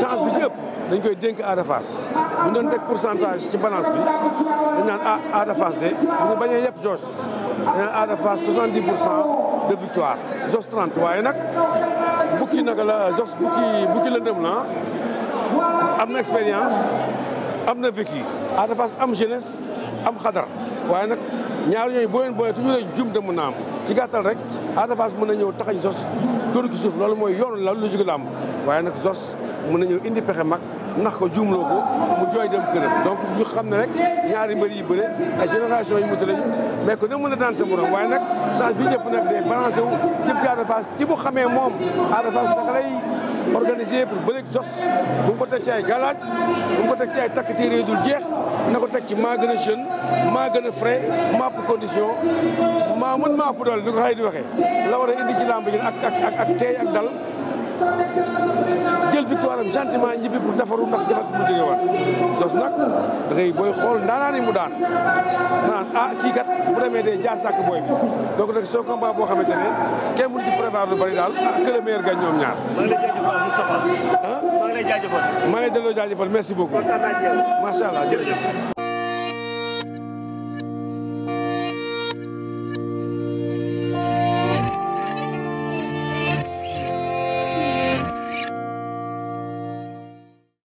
chance bi ci dañ koy dénk Ada Fass bu doon teg ci balance bi dañ naan ah Ada Fass de bu bañee yëpp Zoss dañ naan Ada Fass 70 pour cent de victoire Zoss 30 waaye nag bukki naka la Zoss bukki bukki la dem ah. na am na expérience am na vécu Ada Fass am jeunesse am xadar waaye nag ñaar yooyu boo leen boolee toujours rek jum de mën ci gàttal rek Ada Fass mën na ñëw taxañ Zoss dóor gi suuf loolu mooy yoonu la lu jóg la waaye nag zos mën na ñëw indi pexe mag ndax ko juumloo ko mu jooy dem këram donc ñu xam ne rek ñaari mbër yi bëre ay génération yi mu mutu lañu mais que ne mën na daan sa morom waaye nag change bi ñëpp nag day balancé wu jëm ci Ada xamee moom Ada Fass naka lay organisé pour bëreeg zos bu mu ko teg ci ay galaaj bu mu ko teg ci ay takk téere dul jeex na ko teg ci maa gën a maa gën a frais maa ëpp condition maa mën maa ëpp doole ni ko xëy di waxee la war a indi ci làmb ji ak ak ak ak dal jël victoire am gentiment ñibbi pour defaru ndax jafe mu jóge waat Zoss nag da ngay booy xool ndaanaan mu daan naan ah kii kat bu demee dee jaar sàkk booy bi donc nag soo combat boo xamante ne kenn mënu ci prévoir lu bari daal ah que le meilleur gagne ñoom ñaar. maa ngi lay maa ngi jaajëfal. merci beaucoup. kontaan macha allah